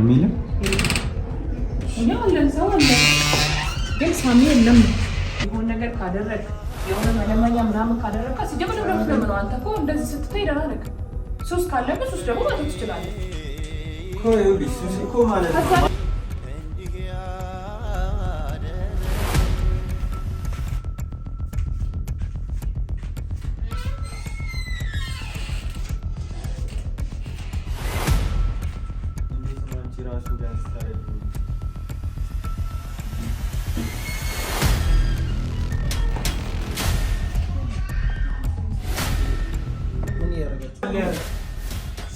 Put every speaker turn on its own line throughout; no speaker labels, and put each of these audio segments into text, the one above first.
ምንም የለም። ሳሚ የለም። የሆነ ነገር ካደረግ የሆነ መለመኛ ምናምን ካደረግ ሲጀምር ደብረ አንተ እኮ እንደዚህ ደግሞ ማለት
ትችላለህ።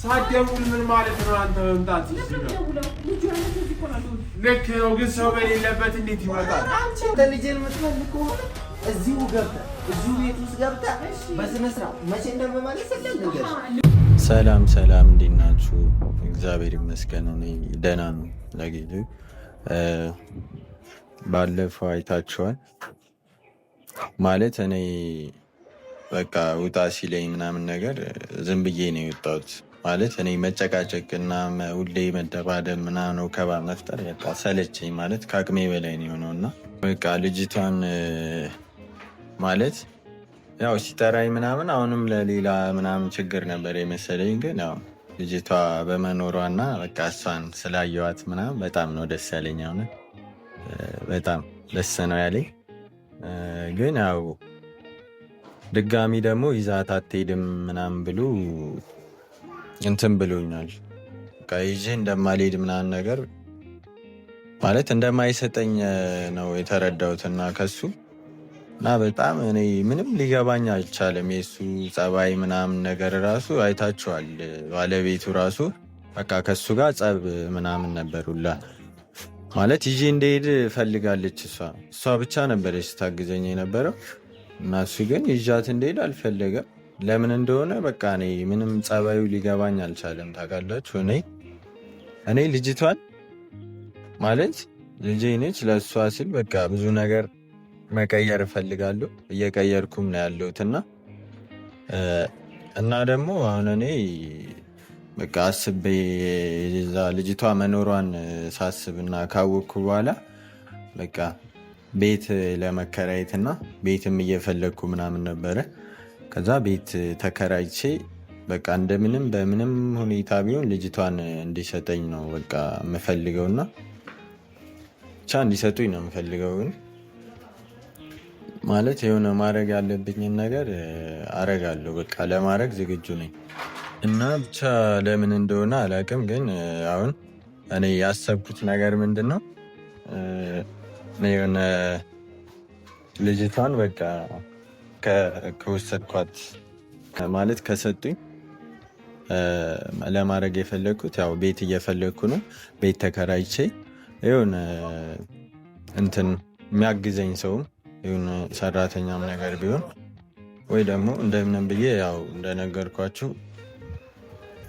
ሳትደውል ምን ማለት ነው? አንተ መምጣት ልክ ነው፣ ግን ሰው በሌለበት እንዴት ይመጣል?
ልጄን የምትፈልግ ከሆነ እዚሁ ገብተህ እዚሁ ቤት ውስጥ ገብተህ በስነ ስርዓት መቼ እንደምመለስ
ሰላም ሰላም፣ እንዴት ናችሁ? እግዚአብሔር ይመስገን እኔ ደህና ነው። ለጊዜ ባለፈው አይታችኋል ማለት እኔ በቃ ውጣ ሲለኝ ምናምን ነገር ዝም ብዬ ነው የወጣሁት። ማለት እኔ መጨቃጨቅ እና ሁሌ መደባደብ ምናምን ወከባ መፍጠር በቃ ሰለቸኝ። ማለት ከአቅሜ በላይ ነው የሆነው እና በቃ ልጅቷን ማለት ያው ሲጠራኝ ምናምን አሁንም ለሌላ ምናምን ችግር ነበር የመሰለኝ። ግን ያው ልጅቷ በመኖሯና በቃ እሷን ስላየዋት ምናምን በጣም ነው ደስ ያለኝ። ሆነ በጣም ደስ ነው ያለኝ። ግን ያው ድጋሚ ደግሞ ይዛት አትሄድም ምናምን ብሎ እንትን ብሎኛል። በቃ ይዤ እንደማልሄድ ምናምን ነገር ማለት እንደማይሰጠኝ ነው የተረዳውትና ከሱ እና በጣም እኔ ምንም ሊገባኝ አልቻለም። የሱ ጸባይ ምናምን ነገር ራሱ አይታችኋል። ባለቤቱ ራሱ በቃ ከሱ ጋር ጸብ ምናምን ነበር ሁላ ማለት ይዤ እንደሄድ ፈልጋለች እሷ እሷ ብቻ ነበረች ስታግዘኝ የነበረው እና እሱ ግን ይዣት እንደሄድ አልፈለገም። ለምን እንደሆነ በቃ እኔ ምንም ጸባዩ ሊገባኝ አልቻለም። ታውቃላችሁ እኔ እኔ ልጅቷን ማለት ልጄ ነች፣ ለእሷ ሲል በቃ ብዙ ነገር መቀየር እፈልጋለሁ እየቀየርኩም ነው ያለሁት እና እና ደግሞ አሁን እኔ በቃ አስቤ ልጅቷ መኖሯን ሳስብ እና ካወቅኩ በኋላ በቃ ቤት ለመከራየት እና ቤትም እየፈለግኩ ምናምን ነበረ ከዛ ቤት ተከራይቼ በቃ እንደምንም በምንም ሁኔታ ቢሆን ልጅቷን እንዲሰጠኝ ነው በቃ እና ብቻ እንዲሰጡኝ ነው የምፈልገው። ግን ማለት የሆነ ማድረግ ያለብኝን ነገር አረጋለሁ። በቃ ለማድረግ ዝግጁ ነኝ እና ብቻ ለምን እንደሆነ አላውቅም። ግን አሁን እኔ ያሰብኩት ነገር ምንድን ነው የሆነ ልጅቷን በቃ ከወሰድኳት ማለት ከሰጡኝ ለማድረግ የፈለግኩት ያው ቤት እየፈለግኩ ነው። ቤት ተከራይቼ ይሁን እንትን የሚያግዘኝ ሰውም የሆነ ሰራተኛም ነገር ቢሆን ወይ ደግሞ እንደምንም ብዬ ያው እንደነገርኳችሁ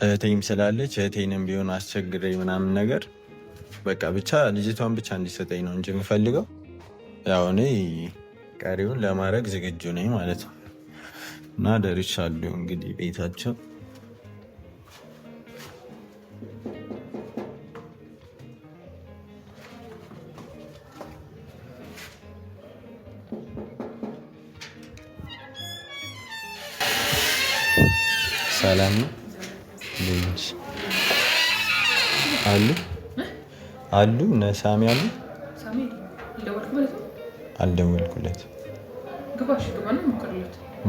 እህቴም ስላለች እህቴንም ቢሆን አስቸግረኝ ምናምን ነገር በቃ ብቻ ልጅቷን ብቻ እንዲሰጠኝ ነው እንጂ የምፈልገው ያው እኔ ቀሪውን ለማድረግ ዝግጁ ነኝ ማለት ነው እና ደርሻለሁ እንግዲህ ቤታቸው ሰላም ነው አሉ አሉ እነ ሳሚ አሉ አልደወልኩለት።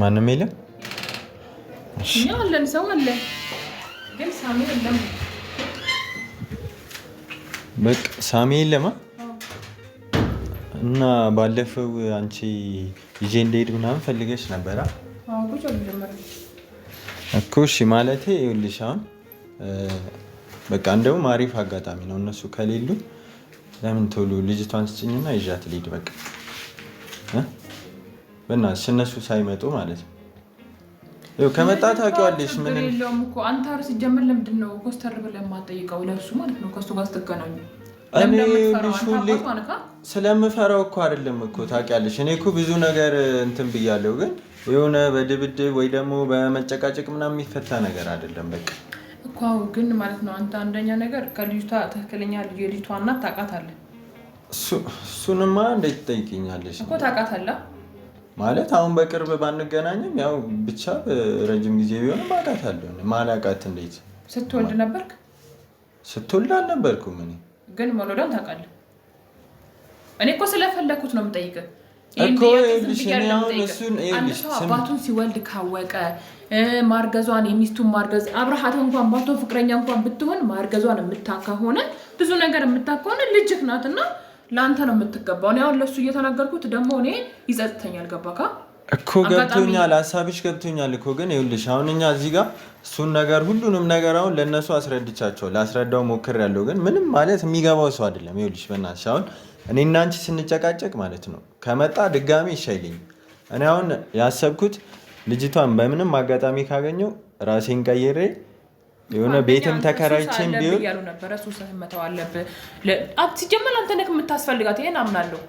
ማንም የለም።
አለን ሰው አለ ግን ሳሚ የለም።
በቃ ሳሚ የለማ እና ባለፈው አንቺ ይዤ እንደሄድ ምናምን ፈልገች ነበረ እኮ። እሺ ማለቴ ይኸውልሽ፣ አሁን በቃ እንደውም አሪፍ አጋጣሚ ነው። እነሱ ከሌሉ ለምን ቶሎ ልጅቷን ስጭኝና ይዣት ልሂድ በቃ በእናትሽ እነሱ ሳይመጡ ማለት ነው። ከመጣ ታውቂዋለሽ። ምን
የለውም እኮ አንተ ሲጀምር ለምንድን ነው ኮስተር ብለህ የማጠይቀው? ለእሱ ማለት ነው ከእሱ ጋር ስትገናኙ
እኔ ሁሌ ስለምፈራው እኮ አይደለም እኮ ታውቂያለሽ። እኔ እኮ ብዙ ነገር እንትን ብያለሁ፣ ግን የሆነ በድብድብ ወይ ደግሞ በመጨቃጨቅ ምናምን የሚፈታ ነገር አይደለም። በቃ
እኮ ግን ማለት ነው አንተ አንደኛ ነገር ከልጅቷ ትክክለኛ የልጅቷ እናት ታውቃታለህ
እሱንማ እንዴት ትጠይቅኛለሽ
እኮ ታውቃታለህ።
ማለት አሁን በቅርብ ባንገናኝም ያው ብቻ ረጅም ጊዜ ቢሆንም አውቃታለሁ። ማላውቃት እንዴት
ስትወልድ ነበርክ?
ስትወልድ አልነበርኩም። እኔ
ግን መኖዳን ታውቃለህ። እኔ እኮ ስለፈለግኩት ነው የምጠይቅህ አባቱን ሲወልድ ካወቀ ማርገዟን የሚስቱን ማርገዝ አብረሃት እንኳን ባቶ ፍቅረኛ እንኳን ብትሆን ማርገዟን የምታካ ሆነ ብዙ ነገር የምታካ ሆነ ልጅህ ናትና ለአንተ ነው የምትገባው። እኔ አሁን ለሱ እየተናገርኩት ደግሞ እኔ ይጸጥተኛል። ገባካ
እኮ ገብቶኛል፣ ሀሳብሽ ገብቶኛል እኮ ግን ይኸውልሽ፣ አሁን እኛ እዚህ ጋር እሱን ነገር ሁሉንም ነገር አሁን ለእነሱ አስረድቻቸው ላስረዳው ሞክር ያለው ግን ምንም ማለት የሚገባው ሰው አይደለም። ይኸውልሽ በእናትሽ አሁን እኔ አንቺ ስንጨቃጨቅ ማለት ነው ከመጣ ድጋሚ ይሻይልኝ። እኔ አሁን ያሰብኩት ልጅቷን በምንም አጋጣሚ ካገኘው ራሴን ቀይሬ የሆነ ቤትም ተከራይቼም
ቢሆን እያሉ ነበረ። ሱስን መተው አለብህ ሲጀመር አንተ ነህ የምታስፈልጋት። ይሄን አምናለሁ።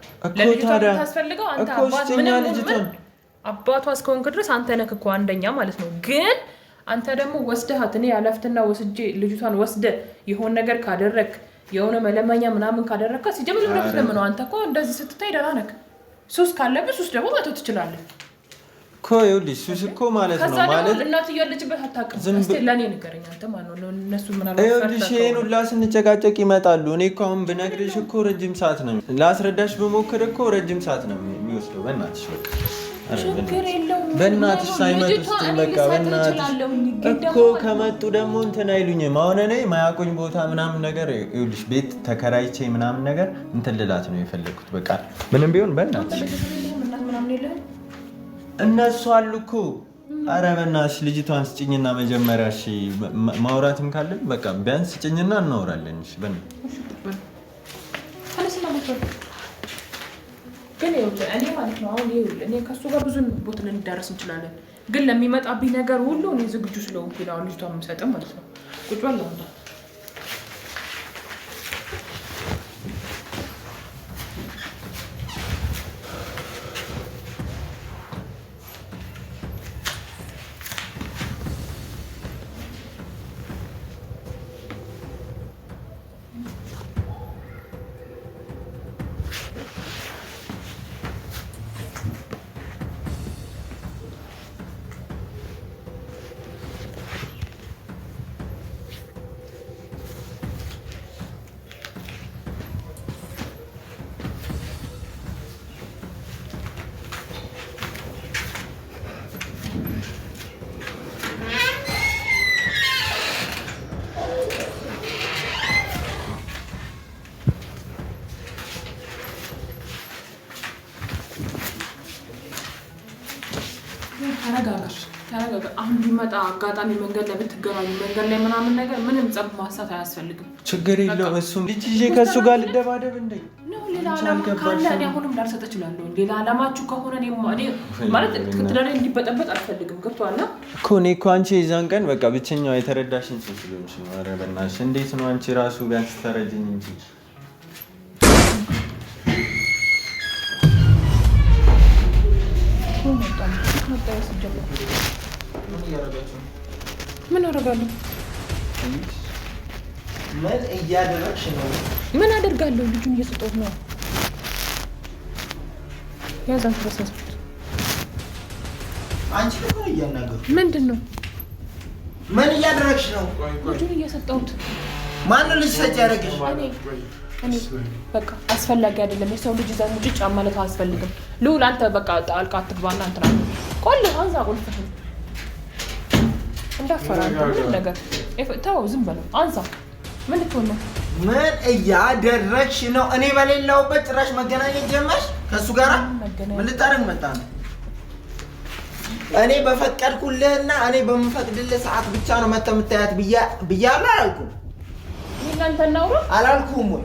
ለልጅቷ የምታስፈልገው አንተ አባት
አባቷ እስከሆንክ ድረስ አንተ ነህ እኮ አንደኛ ማለት ነው። ግን አንተ ደግሞ ወስደሃት እኔ ያለፍትና ወስጄ ልጅቷን ወስደ የሆን ነገር ካደረግ የሆነ መለመኛ ምናምን ካደረግካ ሲጀመር ለምነው አንተ እኮ እንደዚህ ስትታይ ደህና ነህ። ሱስ ካለብህ ሱስ ደግሞ መተው ትችላለህ።
እኮ ይኸውልሽ፣ ሱስ እኮ ማለት
ነው ማለት እናት እያለችበት አታውቅም። እስኪ ለእኔ ንገረኝ አንተ ማለት ነው። እነሱ ምናልባት
ይኸውልሽ፣ ይሄን ሁላ ስንጨቃጨቅ ይመጣሉ። እኔ እኮ አሁን ብነግርሽ እኮ ረጅም ሰዓት ነው ላስረዳሽ በሞክር እኮ ረጅም ሰዓት ነው የሚወስደው። በእናትሽ በቃ በእናትሽ ሳይመጡ ውስጥ
በቃ በእናትሽ
እኮ ከመጡ ደግሞ እንትን አይሉኝም። አሁን እኔ ማያቆኝ ቦታ ምናምን ነገር ይኸውልሽ፣ ቤት ተከራይቼ ምናምን ነገር እንትን ልላት ነው የፈለግኩት። በቃ ምንም ቢሆን በእናትሽ እነሱ አሉ እኮ። አረ በእናትሽ ልጅቷን ስጭኝና መጀመሪያ እሺ፣ ማውራትም ካለን በቃ ቢያንስ ስጭኝና እናወራለን። እሺ ግን
ይኸውልህ እኔ ማለት ነው አሁን ይኸውልህ እኔ ከእሱ ጋር ብዙ ቦታ ልንዳረስ እንችላለን፣ ግን ለሚመጣብኝ ነገር ሁሉ እኔ ዝግጁ ስለሆንኩኝ አሁን ልጅቷን የምሰጥም ማለት ነው ቁጭ ስትመጣ አጋጣሚ መንገድ ላይ ብትገናኙ መንገድ ላይ ምናምን ነገር ምንም ጸብ ማሳት አያስፈልግም።
ችግር የለውም። እሱም ልጅ ይዤ ከእሱ ጋር ልደባደብ እንደ
ሌላ ዓላማ ካለ እኔ አሁንም ላልሰጥ እችላለሁ። ሌላ አላማችሁ ከሆነ ማለት ትዳሬ እንዲበጠበጥ አልፈልግም። ገብቶሃል
እኮ እኔ እኮ አንቺ የዛን ቀን በቃ ብቸኛዋ የተረዳሽን ሰው ስለሆንሽ ነው። ኧረ በእናትሽ እንዴት ነው አንቺ ራሱ ቢያንስ ተረጅኝ እንጂ
ምን አደርጋለሁ?
ምን እያደረግሽ ነው?
ምን አደርጋለሁ? ልጁን እየሰጠሁት ነው። ያዛን ተበሳስኩት።
አንቺ ምን እያናገሩ ምንድን ነው? ምን እያደረግሽ ነው?
ልጁን እየሰጠሁት።
ማን ልጅ ሰጭ ያደረግሽ?
በቃ አስፈላጊ አይደለም። የሰው ልጅ ዘን ጫ ማለት አያስፈልግም። ልውል አንተ በቃ ጣልቃ አትግባና እንትና ቆል አንዛ ቁልፍህን እንዳፈራ ምንም ነገር ተው፣ ዝም በለው። አንሳ ምን ልትሆን ነው?
ምን እያደረግሽ ነው? እኔ በሌላውበት ጭራሽ መገናኘት ጀመርሽ ከእሱ ጋር። ምን ልታደርግ መጣ ነው? እኔ በፈቀድኩልህና እኔ በምፈቅድልህ ሰዓት ብቻ ነው መተህ የምታያት ብያለሁ። አላልኩም?
ይህን እናውራ
አላልኩም ወይ?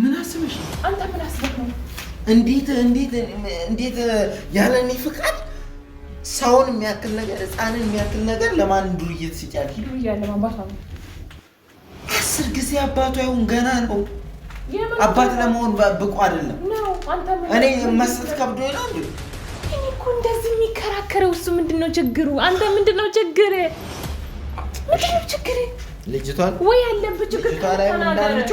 ምን አስበሽ ነው?
አንተ ምን አስበህ ነው?
እንዴት እንዴት እንዴት ያለ እኔ ፍቃድ ሰውን የሚያክል ነገር ህፃንን የሚያክል ነገር ለማን ዱርዬ ትስጫለሽ?
ዱርዬ ለማንባት ነው።
አስር ጊዜ አባቱ አይሁን ገና ነው። አባት ለመሆን ብቁ አይደለም። እኔ መስጠት ከብዶ ነው እንዴ?
እኔ እኮ እንደዚህ የሚከራከረው እሱ ምንድን ነው ችግሩ? አንተ ምንድን ነው ችግር? ምንድን ነው ችግር? ልጅቷን ወይ ያለብህ ችግር
ካላ እንዳንጮ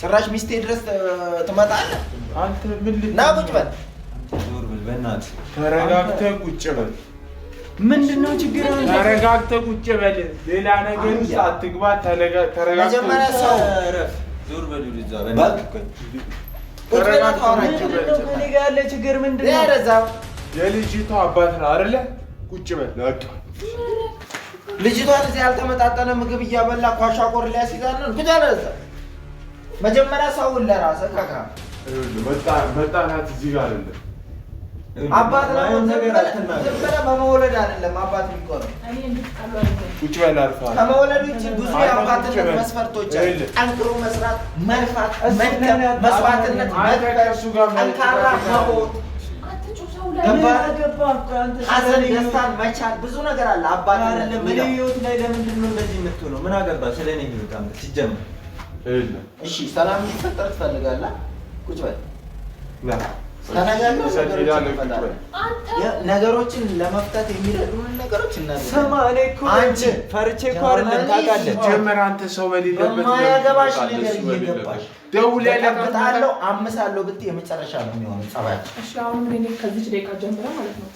ጭራሽ ሚስቴ ድረስ ትመጣለህ። አንተ ምን ና ቁጭ በል
በእናትህ ተረጋግተህ ቁጭ በል።
ምንድን ነው ችግር?
ተረጋግተህ ቁጭ በል። ሌላ ነገር ውስጥ አትግባ። ተረጋግተህ
መጀመሪያ ሰው እረፍ።
ዞር በል እዛ
ያለ ችግር ምንድን
ነው?
የልጅቷ አባት ነው አይደለ? ቁጭ በል በቃ።
ልጅቷን እዚህ ያልተመጣጠነ ምግብ እያበላ ኳሻ ቆር ሊያስይዛለን። ቁጭ በል እዛ መጀመሪያ ሰውን ለራስህ ካካ
መጣላት እዚህ ጋር አይደለም።
አባት ነገር በመውለድ አይደለም አባት የሚቆረው ከመውለድ ውጭ ብዙ የአባትነት መስፈርቶች ጠንክሮ መስራት፣ መልፋት፣ መድከም፣ መስዋዕትነት፣ ጠንካራ መሆን ሐዘን ደስታን መቻል ብዙ ነገር አለ። አባት ምን ህይወት ላይ ለምንድን ነው እንደዚህ የምትሆነው? ምን አገባ ስለኔ ህይወት ሲጀምር እሺ፣ ሰላም እንዲፈጠር ትፈልጋለህ? ቁጭ በል። ነገሮችን ለመፍታት የሚረዱን ነገሮች
ስማ። እኔ እኮ አንቺ ፈርቼ እኮ አይደለም ታውቃለህ።
ጀመር አንተ ሰው በሌለበት
የማያገባሽ ነገር እየገባሽ ደውለህለታለሁ አምሳለሁ ብትይ የመጨረሻ ነው የሚሆነው
ጸባያቸው። እሺ አሁን እኔ ከዚች ደቂቃ ጀምረ ማለት ነው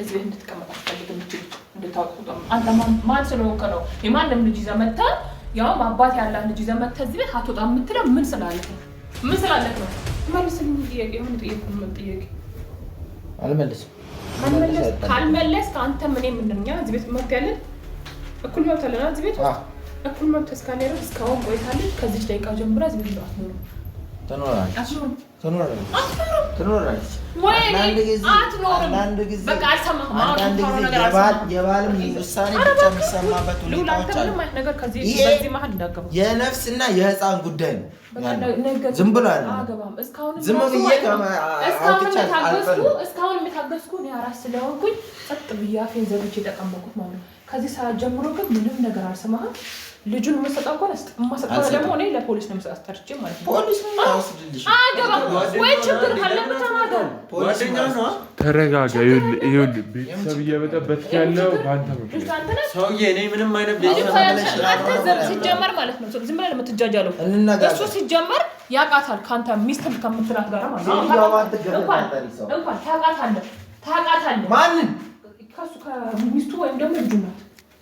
እዚህ ቤት እንድትቀመጥ አስፈልግም። እንድታውቁ አንተ ማን ስለሆንክ ነው የማንም ልጅ ይዘህ መጥተህ ያውም አባት ያላት ልጅ ይዘህ መተህ እዚህ ቤት አትወጣም የምትለው ምን ስላለህ ነው? ምን ስላለህ ነው? መልስልኝ። ጥያቄ ምን ጥያቄ ምን ጥያቄ? አልመለስም። ካልመለስክ አንተም ምን እንደኛ እዚህ ቤት መብት ያለን እኩል መብት አለና እዚህ ቤት እኩል መብት እስካለ ድረስ እስካሁን ቆይታለች። ከዚች ደቂቃ ጀምራ እዚህ ቤት ነው
ትኖራለች። ትኖራለች። አንዳንድ ጊዜ የባልም ውሳኔ ብቻ የሚሰማበት ሁኔታዎች
አሉ።
የነፍስ እና የሕፃን ጉዳይ ዝም ብሎ አለ ዝም
እስካሁን የታገስኩ አራስ ስለሆንኩኝ ጸጥ ብዬ አፌን ዘግቼ የተቀመጥኩት ማለት ነው። ከዚህ ሰዓት ጀምሮ ግን ምንም ነገር አልሰማህም ልጁን የምሰጠው እንኳን የማሰጠው ደግሞ እኔ ለፖሊስ ነው የምሰጣት ጠርቼ ማለት
ነው።
ችግር ካለበት
ተናገር። ተረጋጋ። ይኸውልህ ቤተሰብ እየበጠበት ያለው በአንተ
ምንም አይነት
ሲጀመር ማለት ነው። ዝም ብለህ የምትጃጃለው እሱ ሲጀመር ያውቃታል። ከአንተ ሚስትም ከምትላት ጋር ማለት ነው እንኳን ታውቃታለህ። ታውቃታለህ ማንን ከእሱ ከሚስቱ ወይም ደግሞ ልጁ ናት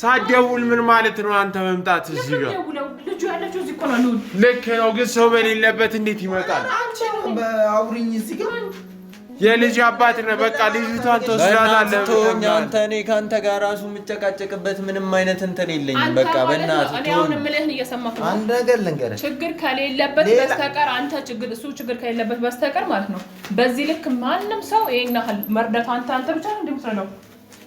ሳትደውል ምን ማለት ነው? አንተ መምጣት እዚህ ጋር ልክ ነው፣ ግን ሰው በሌለበት እንዴት ይመጣል? የልጅ አባት ነህ። በቃ ልጅቷን ተወስዳታለህ።
አንተ እኔ ከአንተ ጋር ራሱ የምጨቃጨቅበት ምንም አይነት እንትን የለኝም። በቃ በእናትህ
አሁን የምልህን እየሰማህ
ነው። አንድ ነገር ልንገርህ፣
ችግር ከሌለበት በስተቀር አንተ ችግር እሱ ችግር ከሌለበት በስተቀር ማለት ነው። በዚህ ልክ ማንም ሰው ይሄን ያህል መርዳት አንተ አንተ ብቻ ነው እንደምትረዳው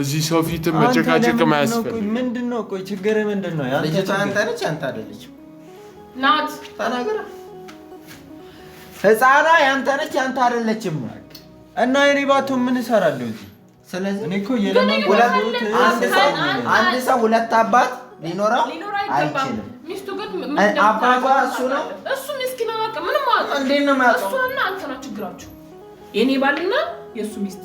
እዚህ ሰው ፊት መጨቃጨቅ
ማያስፈልግ። ምንድን ነው ቆይ ችግር ምንድን ነው? ልጅቷ አንተ ነች አንተ አይደለችም ናት። ህፃኗ ያንተ ነች አንተ አይደለችም። እና የኔ ባቱ ምን እሰራለሁ እዚህ? ስለዚህ አንድ ሰው ሁለት አባት ሊኖረው አይችልም። አባቷ እሱ ነው።
እሱ ምስኪና ምንም ነው።
እንዴት ነው ማለት
ነው? አንተ ናችሁ ችግራችሁ፣ የኔ ባልና የእሱ ሚስት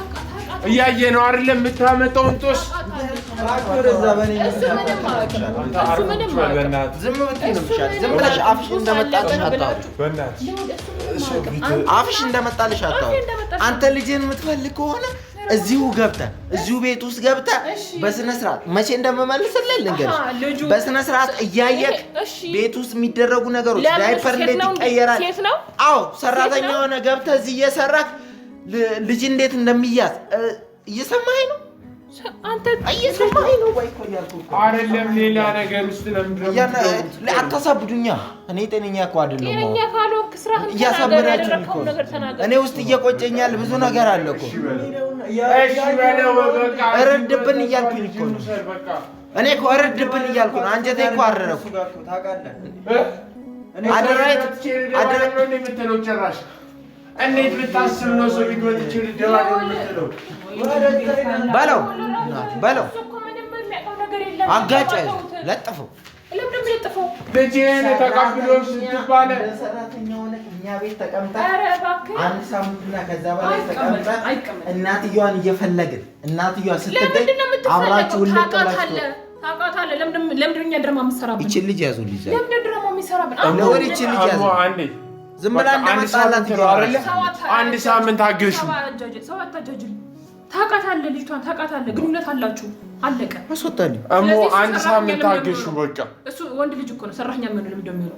እያየ ነው አይደል? የምታመጣውን ጦስ
አፍሽ እንደመጣልሽ አታው። አንተ ልጅን የምትፈልግ ከሆነ እዚሁ ገብተ እዚሁ ቤት ውስጥ ገብተ በስነ ስርዓት መቼ እንደምመልስልህ ልንገርሽ። በስነ ስርዓት እያየህ ቤት ውስጥ የሚደረጉ ነገሮች ዳይፐር እንዴት ይቀየራል? አዎ ሰራተኛ የሆነ ገብተ እዚህ እየሰራክ ልጅ እንዴት እንደሚያዝ እየሰማኸኝ ነው? አንተ እየሰማኸኝ ነው ወይ? እኮ
እያልኩህ እኮ አይደለም። ሌላ ነገር ውስጥ
አታሳብዱኛ። እኔ ጤነኛ እኮ አይደለም። እያሳበዳችሁ እኔ ውስጥ እየቆጨኛል። ብዙ ነገር አለ እኮ እረድብን እያልኩኝ እኮ ነው። እኔ እኮ እረድብን እያልኩ ነው። አንጀቴ እኮ አረረኩ።
አደራየት አደራ እንዴት ብታስብ ነው ሰው ሊጎትችል ደዋ የምትለው?
በለው በለው አጋጫ ለጥፈው
ልጄን ተቀብሎ ስትባለ
ቤት ተቀምጣ አንድ ሳምንትና ከዛ በላይ ተቀምጣ እናትየዋን እየፈለግን እናትየዋ ስትገኝ
አብራችሁ ታውቃታለህ። ለምንድን ነው እኛ ድራማ የምትሰራብን?
ይችን ልጅ ያዙ ልጅ ለምንድን ድራማ የሚሰራብን? አንዴ ዝም ብላ እንደመጣላት ይገባል። አንድ ሳምንት አገሹ። ሰው አታጃጅል። ታውቃታለህ፣ ልጅቷን ታውቃታለህ። ግንኙነት አላችሁ፣ አለቀ። አስወጣኝ እሞ አንድ ሳምንት በቃ እሱ ወንድ ልጅ እኮ ነው። ሰራኛ ምን ልምድ የሚለው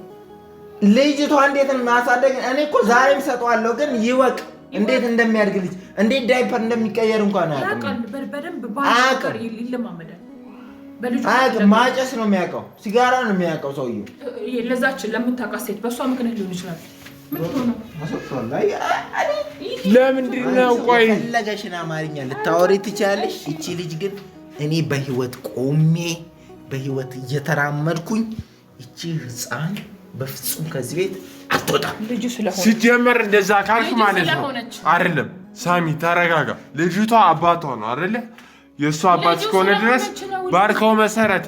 ልጅቷ እንዴት እናሳደግ። እኔ እኮ ዛሬም ሰጠዋለሁ፣ ግን ይወቅ እንዴት እንደሚያድግ ልጅ እንዴት ዳይፐር እንደሚቀየር እንኳን አያውቅም። ማጨስ ነው የሚያውቀው፣ ሲጋራ ነው የሚያውቀው ሰውዬው። ለዛችን ለምታውቃት ሴት በእሷ ምክንያት ሊሆን ይችላል። ለምንድን ቆይ ፈለገሽን አማርኛ ልታወሪ ትችላለሽ። እቺ ልጅ ግን እኔ በህይወት ቆሜ በህይወት እየተራመድኩኝ እቺ ህፃን በፍጹም ከዚህ ቤት አትወጣም። ሲጀመር እንደዛ ካልክ ማለት ነው አይደለም። ሳሚ ተረጋጋ። ልጅቷ አባቷ ነው አይደለ? የእሱ አባት እስከሆነ ድረስ ባርከው መሰረተ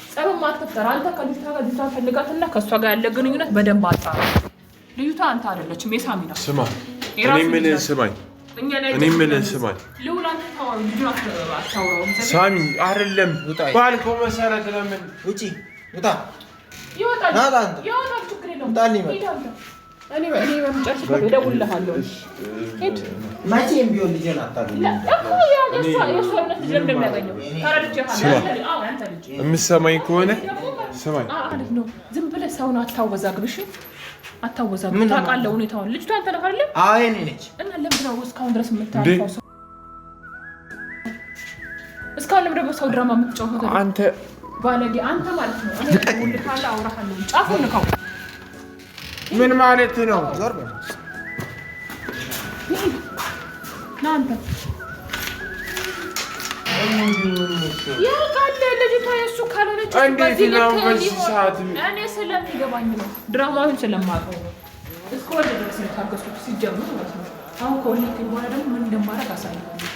ጸብም አትፍጠር። አንተ ከልጅቷ ጋር ፈልጋት ፈልጋትና ከእሷ ጋር ያለ ግንኙነት በደንብ አጣ። ልጅቷ አንተ አይደለችም የሳሚ ነው። ስማ እኔ የምልህ ስማኝ እኔ የምልህ ስማኝ ሳሚ አይደለም ባልከው መሰረት ለምን ውጪ ውጣ እኔ የምትሰማኝ ከሆነ ዝም ብለህ ሰውን አታወዛግብሽ፣ አታወዛግብ። ታውቃለህ ሁኔታውን። ልጅቷ አንተ ነህ አይደለ? እኔ ነች። እና ለምንድን ነው እስካሁን ድረስ የምታወራው? ሰው እስካሁን ደግሞ ሰው ድራማ የምትጫወተው? አንተ ባለጌ፣ አንተ ማለት ነው። እኔ እደውልልሃለሁ፣ አውራሃለሁ። ጫፉን ንካው ምን ማለት ነው? ድራማውን ስለማውቀው እስከ ወደ ድረስ የታገስኩት ሲጀምር ማለት ነው። አሁን ከሁለት ደግሞ ምን እንደማደርግ አሳይ